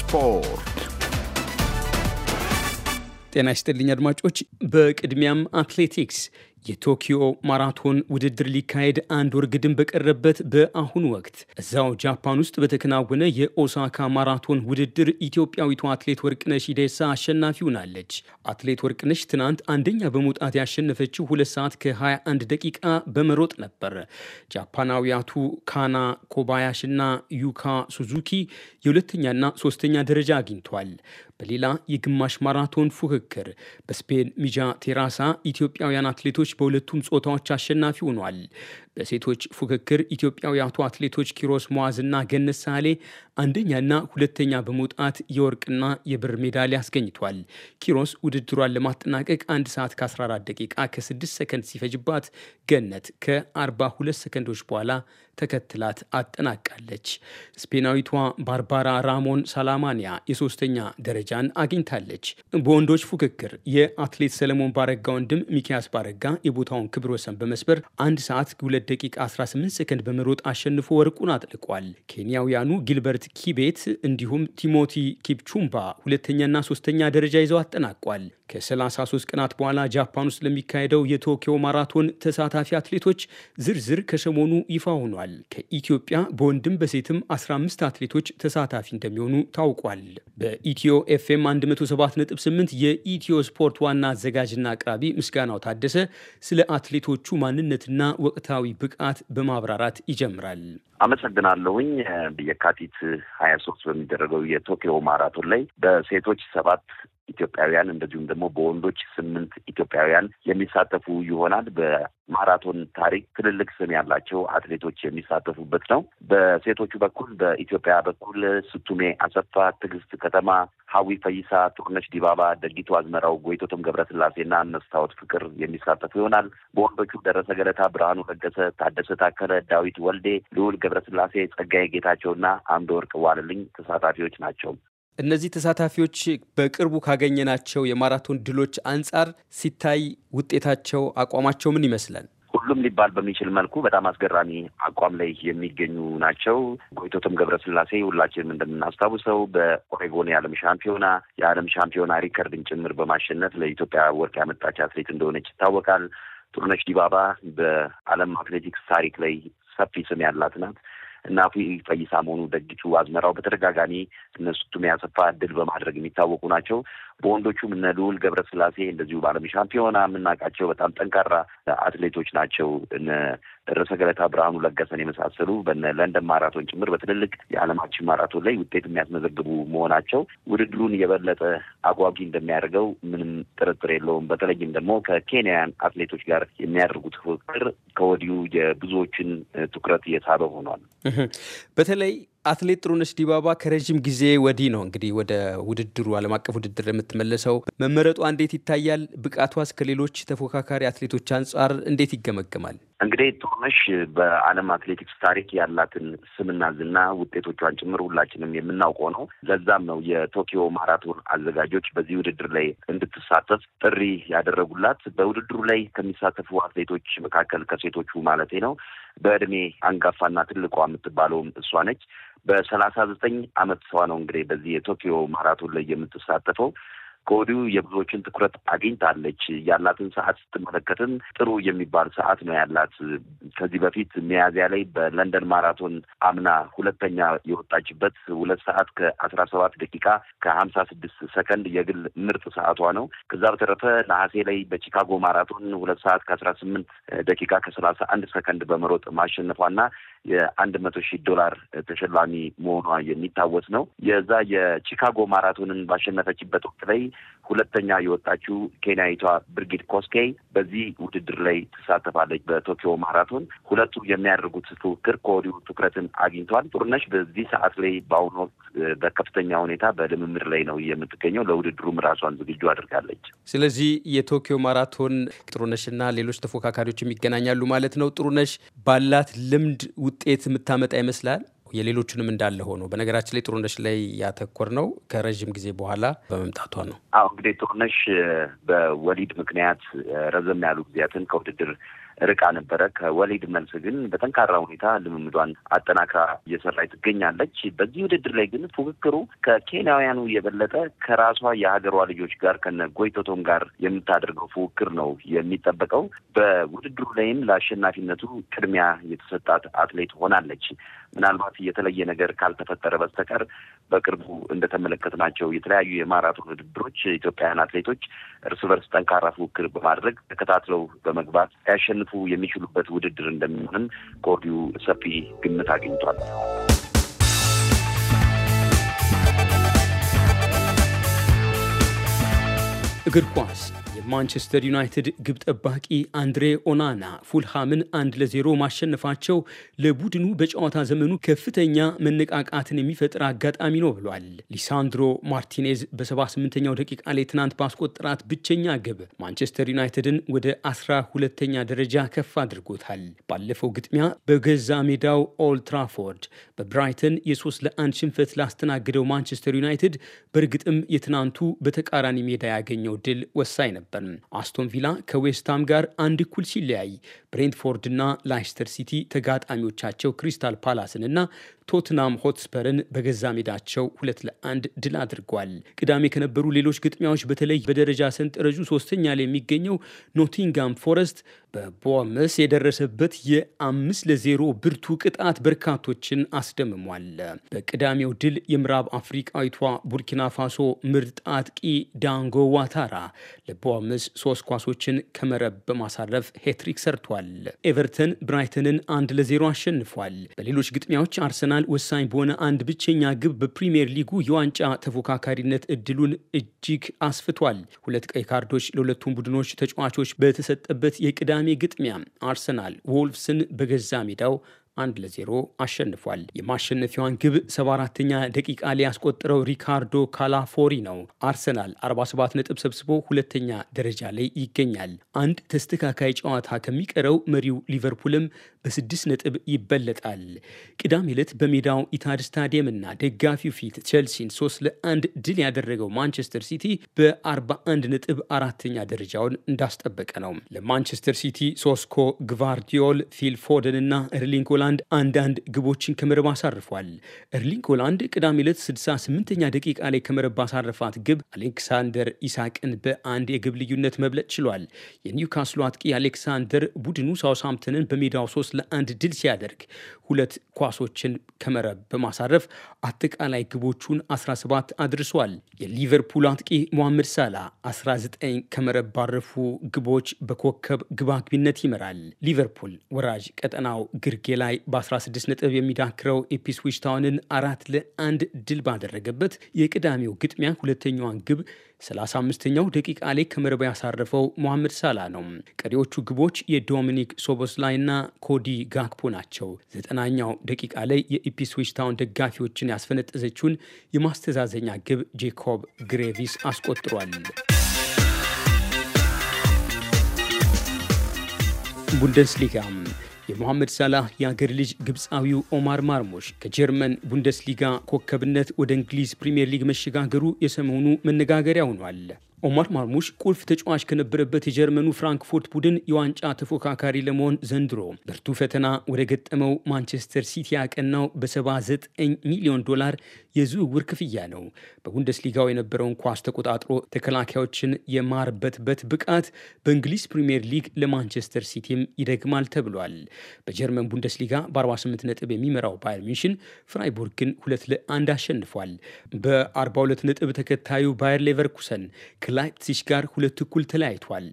ስፖርት። ጤና ይስጥልኝ አድማጮች። በቅድሚያም አትሌቲክስ የቶኪዮ ማራቶን ውድድር ሊካሄድ አንድ ወር ግድም በቀረበት በአሁኑ ወቅት እዛው ጃፓን ውስጥ በተከናወነ የኦሳካ ማራቶን ውድድር ኢትዮጵያዊቱ አትሌት ወርቅነሽ ኢዴሳ አሸናፊ ሆናለች። አትሌት ወርቅነሽ ትናንት አንደኛ በመውጣት ያሸነፈችው ሁለት ሰዓት ከ21 ደቂቃ በመሮጥ ነበር። ጃፓናዊያቱ ካና ኮባያሽና ዩካ ሱዙኪ የሁለተኛና ሶስተኛ ደረጃ አግኝቷል። በሌላ የግማሽ ማራቶን ፉክክር በስፔን ሚጃ ቴራሳ ኢትዮጵያውያን አትሌቶች በሁለቱም ጾታዎች አሸናፊ ሆኗል። በሴቶች ፉክክር አቶ አትሌቶች ኪሮስ መዋዝና ገነት ሳሌ አንደኛና ሁለተኛ በመውጣት የወርቅና የብር ሜዳሊያ አስገኝቷል። ኪሮስ ውድድሯን ለማጠናቀቅ አንድ ሰዓት ከ14 ደቂቃ ከ6 ሰከንድ ሲፈጅባት ገነት ከ42 ሰከንዶች በኋላ ተከትላት አጠናቃለች። ስፔናዊቷ ባርባራ ራሞን ሳላማኒያ የሶስተኛ ደረጃ ደረጃን አግኝታለች። በወንዶች ፉክክር የአትሌት ሰለሞን ባረጋ ወንድም ሚኪያስ ባረጋ የቦታውን ክብረ ወሰን በመስበር አንድ ሰዓት 2 ደቂቃ 18 ሰከንድ በመሮጥ አሸንፎ ወርቁን አጥልቋል። ኬንያውያኑ ጊልበርት ኪቤት እንዲሁም ቲሞቲ ኪፕቹምባ ሁለተኛና ሶስተኛ ደረጃ ይዘው አጠናቋል። ከ33 ቀናት በኋላ ጃፓን ውስጥ ለሚካሄደው የቶኪዮ ማራቶን ተሳታፊ አትሌቶች ዝርዝር ከሰሞኑ ይፋ ሆኗል። ከኢትዮጵያ በወንድም በሴትም 15 አትሌቶች ተሳታፊ እንደሚሆኑ ታውቋል። በኢትዮ ኤፍኤም 107.8 የኢትዮ ስፖርት ዋና አዘጋጅና አቅራቢ ምስጋናው ታደሰ ስለ አትሌቶቹ ማንነትና ወቅታዊ ብቃት በማብራራት ይጀምራል። አመሰግናለሁኝ። የካቲት ሀያ ሶስት በሚደረገው የቶኪዮ ማራቶን ላይ በሴቶች ሰባት ኢትዮጵያውያን እንደዚሁም ደግሞ በወንዶች ስምንት ኢትዮጵያውያን የሚሳተፉ ይሆናል። ማራቶን ታሪክ ትልልቅ ስም ያላቸው አትሌቶች የሚሳተፉበት ነው። በሴቶቹ በኩል በኢትዮጵያ በኩል ስቱሜ አሰፋ፣ ትዕግስት ከተማ፣ ሀዊ ፈይሳ፣ ቱርነሽ ዲባባ፣ ደጊቱ አዝመራው፣ ጎይቶቶም ገብረስላሴና መስታወት ፍቅር የሚሳተፉ ይሆናል። በወንዶቹ ደረሰ ገለታ፣ ብርሃኑ ለገሰ፣ ታደሰ ታከለ፣ ዳዊት ወልዴ፣ ልዑል ገብረስላሴ፣ ጸጋዬ ጌታቸውና አንድ ወርቅ ዋልልኝ ተሳታፊዎች ናቸው። እነዚህ ተሳታፊዎች በቅርቡ ካገኘናቸው የማራቶን ድሎች አንጻር ሲታይ ውጤታቸው፣ አቋማቸው ምን ይመስላል? ሁሉም ሊባል በሚችል መልኩ በጣም አስገራሚ አቋም ላይ የሚገኙ ናቸው። ጎይቶቶም ገብረስላሴ ሁላችንም እንደምናስታውሰው በኦሬጎን የዓለም ሻምፒዮና የዓለም ሻምፒዮና ሪከርድን ጭምር በማሸነፍ ለኢትዮጵያ ወርቅ ያመጣች አትሌት እንደሆነች ይታወቃል። ጥሩነሽ ዲባባ በዓለም አትሌቲክስ ታሪክ ላይ ሰፊ ስም ያላት ናት። እና አቶ ፈይሳ መሆኑ፣ ደግቹ አዝመራው በተደጋጋሚ እነሱ ያሰፋ ድል በማድረግ የሚታወቁ ናቸው። በወንዶቹም እነ ልዑል ገብረስላሴ እንደዚሁ በዓለም ሻምፒዮና የምናውቃቸው በጣም ጠንካራ አትሌቶች ናቸው። እነ ደረሰ ገለታ ብርሃኑ ለገሰን የመሳሰሉ በነ ለንደን ማራቶን ጭምር በትልልቅ የዓለማችን ማራቶን ላይ ውጤት የሚያስመዘግቡ መሆናቸው ውድድሩን የበለጠ አጓጊ እንደሚያደርገው ምንም ጥርጥር የለውም። በተለይም ደግሞ ከኬንያን አትሌቶች ጋር የሚያደርጉት ፍቅር ከወዲሁ የብዙዎችን ትኩረት እየሳበ ሆኗል። በተለይ አትሌት ጥሩነሽ ዲባባ ከረዥም ጊዜ ወዲህ ነው እንግዲህ ወደ ውድድሩ ዓለም አቀፍ ውድድር የምትመለሰው። መመረጧ እንዴት ይታያል? ብቃቷስ ከሌሎች ተፎካካሪ አትሌቶች አንጻር እንዴት ይገመገማል? እንግዲህ ጥሩነሽ በዓለም አትሌቲክስ ታሪክ ያላትን ስምና ዝና ውጤቶቿን ጭምር ሁላችንም የምናውቀው ነው። ለዛም ነው የቶኪዮ ማራቶን አዘጋጆች በዚህ ውድድር ላይ እንድትሳተፍ ጥሪ ያደረጉላት። በውድድሩ ላይ ከሚሳተፉ አትሌቶች መካከል ከሴቶቹ ማለቴ ነው በእድሜ አንጋፋና ትልቋ የምትባለውም እሷ ነች። በሰላሳ ዘጠኝ አመት ሰዋ ነው እንግዲህ በዚህ የቶኪዮ ማራቶን ላይ የምትሳተፈው። ከወዲሁ የብዙዎችን ትኩረት አግኝታለች። ያላትን ሰዓት ስትመለከትን ጥሩ የሚባል ሰዓት ነው ያላት። ከዚህ በፊት ሚያዝያ ላይ በለንደን ማራቶን አምና ሁለተኛ የወጣችበት ሁለት ሰዓት ከአስራ ሰባት ደቂቃ ከሀምሳ ስድስት ሰከንድ የግል ምርጥ ሰዓቷ ነው። ከዛ በተረፈ ነሐሴ ላይ በቺካጎ ማራቶን ሁለት ሰዓት ከአስራ ስምንት ደቂቃ ከሰላሳ አንድ ሰከንድ በመሮጥ ማሸነፏና የአንድ መቶ ሺህ ዶላር ተሸላሚ መሆኗ የሚታወስ ነው። የዛ የቺካጎ ማራቶንን ባሸነፈችበት ወቅት ላይ ሁለተኛ የወጣችው ኬንያዊቷ ብርጊድ ኮስኬይ በዚህ ውድድር ላይ ትሳተፋለች። በቶኪዮ ማራቶን ሁለቱ የሚያደርጉት ትክክር ከወዲሁ ትኩረትን አግኝቷል። ጥሩነሽ በዚህ ሰዓት ላይ በአሁኑ ወቅት በከፍተኛ ሁኔታ በልምምድ ላይ ነው የምትገኘው። ለውድድሩም ራሷን ዝግጁ አድርጋለች። ስለዚህ የቶኪዮ ማራቶን ጥሩነሽና ሌሎች ተፎካካሪዎችም ይገናኛሉ ማለት ነው። ጥሩነሽ ባላት ልምድ ውጤት የምታመጣ ይመስላል። የሌሎቹንም እንዳለ ሆኖ በነገራችን ላይ ጥሩነሽ ላይ ያተኮር ነው ከረዥም ጊዜ በኋላ በመምጣቷ ነው። አሁ እንግዲህ ጥሩነሽ በወሊድ ምክንያት ረዘም ያሉ ጊዜያትን ከውድድር ርቃ ነበረ። ከወሊድ መልስ ግን በጠንካራ ሁኔታ ልምምዷን አጠናክራ እየሰራች ትገኛለች። በዚህ ውድድር ላይ ግን ፉክክሩ ከኬንያውያኑ የበለጠ ከራሷ የሀገሯ ልጆች ጋር ከነ ጎይቶቶም ጋር የምታደርገው ፉክክር ነው የሚጠበቀው። በውድድሩ ላይም ለአሸናፊነቱ ቅድሚያ የተሰጣት አትሌት ሆናለች። ምናልባት የተለየ ነገር ካልተፈጠረ በስተቀር በቅርቡ እንደተመለከትናቸው የተለያዩ የማራቶን ውድድሮች ኢትዮጵያውያን አትሌቶች እርስ በርስ ጠንካራ ፉክክር በማድረግ ተከታትለው በመግባት ያሸንፉ ሊያሸንፉ የሚችሉበት ውድድር እንደሚሆንም ከወዲሁ ሰፊ ግምት አግኝቷል። እግር ኳስ የማንቸስተር ዩናይትድ ግብ ጠባቂ አንድሬ ኦናና ፉልሃምን አንድ ለዜሮ ማሸነፋቸው ለቡድኑ በጨዋታ ዘመኑ ከፍተኛ መነቃቃትን የሚፈጥር አጋጣሚ ነው ብሏል። ሊሳንድሮ ማርቲኔዝ በ78ኛው ደቂቃ ላይ ትናንት ባስቆጠራት ብቸኛ ግብ ማንቸስተር ዩናይትድን ወደ 12ተኛ ደረጃ ከፍ አድርጎታል። ባለፈው ግጥሚያ በገዛ ሜዳው ኦልድ ትራፎርድ በብራይተን ለ1 ሽንፈት ላስተናግደው ማንቸስተር ዩናይትድ በእርግጥም የትናንቱ በተቃራኒ ሜዳ ያገኘው ድል ወሳኝ ነበር። ነበር። አስቶን ቪላ ከዌስትሃም ጋር አንድ እኩል ሲለያይ ብሬንትፎርድና ላይስተር ሲቲ ተጋጣሚዎቻቸው ክሪስታል ፓላስንና ቶትናም ሆትስፐርን በገዛ ሜዳቸው ሁለት ለአንድ ድል አድርጓል። ቅዳሜ ከነበሩ ሌሎች ግጥሚያዎች በተለይ በደረጃ ሰንጠረዡ ሶስተኛ ላይ የሚገኘው ኖቲንጋም ፎረስት በቦምስ የደረሰበት የአምስት ለዜሮ ብርቱ ቅጣት በርካቶችን አስደምሟል። በቅዳሜው ድል የምዕራብ አፍሪቃዊቷ ቡርኪና ፋሶ ምርጥ አጥቂ ዳንጎ ዋታራ ለቦምስ ሶስት ኳሶችን ከመረብ በማሳረፍ ሄትሪክ ሰርቷል። ኤቨርተን ብራይተንን አንድ ለዜሮ አሸንፏል። በሌሎች ግጥሚያዎች አርሰናል አርሰናል ወሳኝ በሆነ አንድ ብቸኛ ግብ በፕሪምየር ሊጉ የዋንጫ ተፎካካሪነት እድሉን እጅግ አስፍቷል። ሁለት ቀይ ካርዶች ለሁለቱም ቡድኖች ተጫዋቾች በተሰጠበት የቅዳሜ ግጥሚያ አርሰናል ወልፍስን በገዛ ሜዳው አንድ ለዜሮ አሸንፏል። የማሸነፊያዋን ግብ 74ተኛ ደቂቃ ላይ ያስቆጠረው ሪካርዶ ካላፎሪ ነው። አርሰናል 47 ነጥብ ሰብስቦ ሁለተኛ ደረጃ ላይ ይገኛል። አንድ ተስተካካይ ጨዋታ ከሚቀረው መሪው ሊቨርፑልም በስድስት ነጥብ ይበለጣል። ቅዳሜ ዕለት በሜዳው ኢታድ ስታዲየምና ደጋፊው ፊት ቼልሲን ሶስት ለአንድ ድል ያደረገው ማንቸስተር ሲቲ በ41 ነጥብ አራተኛ ደረጃውን እንዳስጠበቀ ነው። ለማንቸስተር ሲቲ ሶስኮ፣ ግቫርዲዮል፣ ፊል ፎደን እና ኤርሊንግ ሆላንድ አንዳንድ ግቦችን ከመረብ አሳርፏል። ኤርሊንግ ሆላንድ ቅዳሜ ዕለት 68ኛ ደቂቃ ላይ ከመረብ ባሳረፋት ግብ አሌክሳንደር ኢሳቅን በአንድ የግብ ልዩነት መብለጥ ችሏል። የኒውካስሉ አጥቂ አሌክሳንደር ቡድኑ ሳውስሃምፕተንን በሜዳው ሶስት ለአንድ ድል ሲያደርግ ሁለት ኳሶችን ከመረብ በማሳረፍ አጠቃላይ ግቦቹን 17 አድርሷል። የሊቨርፑል አጥቂ ሞሐመድ ሳላ 19 ከመረብ ባረፉ ግቦች በኮከብ ግባግቢነት ይመራል። ሊቨርፑል ወራጅ ቀጠናው ግርጌ ላይ በ16 ነጥብ የሚዳክረው ኢፕስዊች ታውንን አራት ለአንድ ድል ባደረገበት የቅዳሜው ግጥሚያ ሁለተኛዋን ግብ 35ኛው ደቂቃ ላይ ከመረብ ያሳረፈው ሞሐመድ ሳላ ነው። ቀሪዎቹ ግቦች የዶሚኒክ እና ኮዲ ጋክፖ ናቸው። ዘጠናኛው ደቂቃ ላይ የኢፒስዊች ታውን ደጋፊዎችን ያስፈነጠዘችውን የማስተዛዘኛ ግብ ጄኮብ ግሬቪስ አስቆጥሯል። ቡንደስሊጋ የሞሐመድ ሳላህ የአገር ልጅ ግብፃዊው ኦማር ማርሞሽ ከጀርመን ቡንደስሊጋ ኮከብነት ወደ እንግሊዝ ፕሪምየር ሊግ መሸጋገሩ የሰሞኑ መነጋገሪያ ሆኗል። ኦማር ማርሙሽ ቁልፍ ተጫዋች ከነበረበት የጀርመኑ ፍራንክፉርት ቡድን የዋንጫ ተፎካካሪ ለመሆን ዘንድሮ ብርቱ ፈተና ወደ ገጠመው ማንቸስተር ሲቲ ያቀናው በ79 ሚሊዮን ዶላር የዝውውር ክፍያ ነው። በቡንደስሊጋው የነበረውን ኳስ ተቆጣጥሮ ተከላካዮችን የማርበትበት ብቃት በእንግሊዝ ፕሪምየር ሊግ ለማንቸስተር ሲቲም ይደግማል ተብሏል። በጀርመን ቡንደስሊጋ በ48 ነጥብ የሚመራው ባየር ሚንሽን ፍራይቡርግን ሁለት ለአንድ አሸንፏል። በ42 ነጥብ ተከታዩ ባየር ሌቨርኩሰን ከላይፕሲሽ ጋር ሁለት እኩል ተለያይቷል።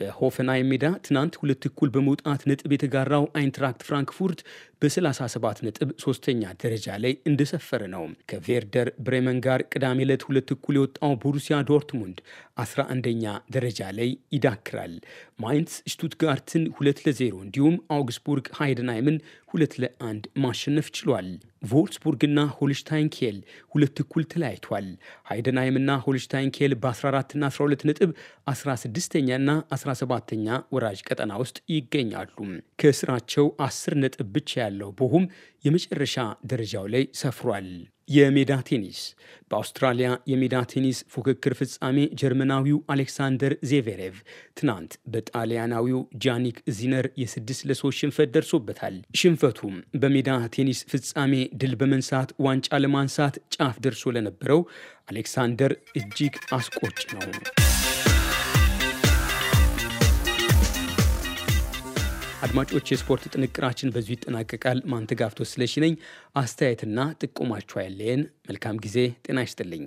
በሆፈንሃይም ሜዳ ትናንት ሁለት እኩል በመውጣት ነጥብ የተጋራው አይንትራክት ፍራንክፉርት በ37 ነጥብ ሶስተኛ ደረጃ ላይ እንደሰፈረ ነው። ከቬርደር ብሬመን ጋር ቅዳሜ ዕለት ሁለት እኩል የወጣው ቦሩሲያ ዶርትሙንድ 11ኛ ደረጃ ላይ ይዳክራል። ማይንስ ሽቱትጋርትን ሁለት ለዜሮ እንዲሁም አውግስቡርግ ሃይደንሃይምን ሁለት ለአንድ ማሸነፍ ችሏል። ቮልስቡርግና ሆልሽታይን ኬል ሁለት እኩል ተለያይቷል። ሃይደንሃይምና ሆልሽታይን ኬል በ14ና 12 ነጥብ 16ኛና 17ኛ ወራጅ ቀጠና ውስጥ ይገኛሉ። ከስራቸው 10 ነጥብ ብቻ ያለ ያለው ብሁም የመጨረሻ ደረጃው ላይ ሰፍሯል። የሜዳ ቴኒስ በአውስትራሊያ የሜዳ ቴኒስ ፉክክር ፍጻሜ ጀርመናዊው አሌክሳንደር ዜቬሬቭ ትናንት በጣሊያናዊው ጃኒክ ዚነር የስድስት ለሶስት ሽንፈት ደርሶበታል። ሽንፈቱም በሜዳ ቴኒስ ፍጻሜ ድል በመንሳት ዋንጫ ለማንሳት ጫፍ ደርሶ ለነበረው አሌክሳንደር እጅግ አስቆጭ ነው። አድማጮች፣ የስፖርት ጥንቅራችን በዙ ይጠናቀቃል። ማንተጋፍቶ ስለሽነኝ አስተያየትና ጥቆማችሁ ያለየን መልካም ጊዜ። ጤና ይስጥልኝ።